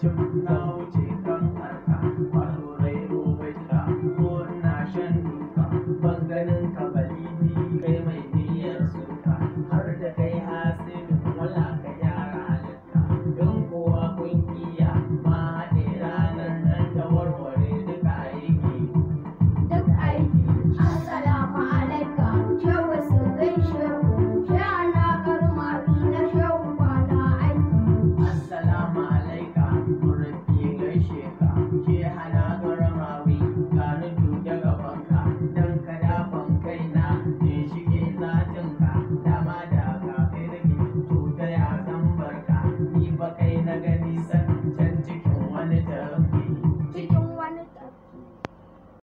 canción.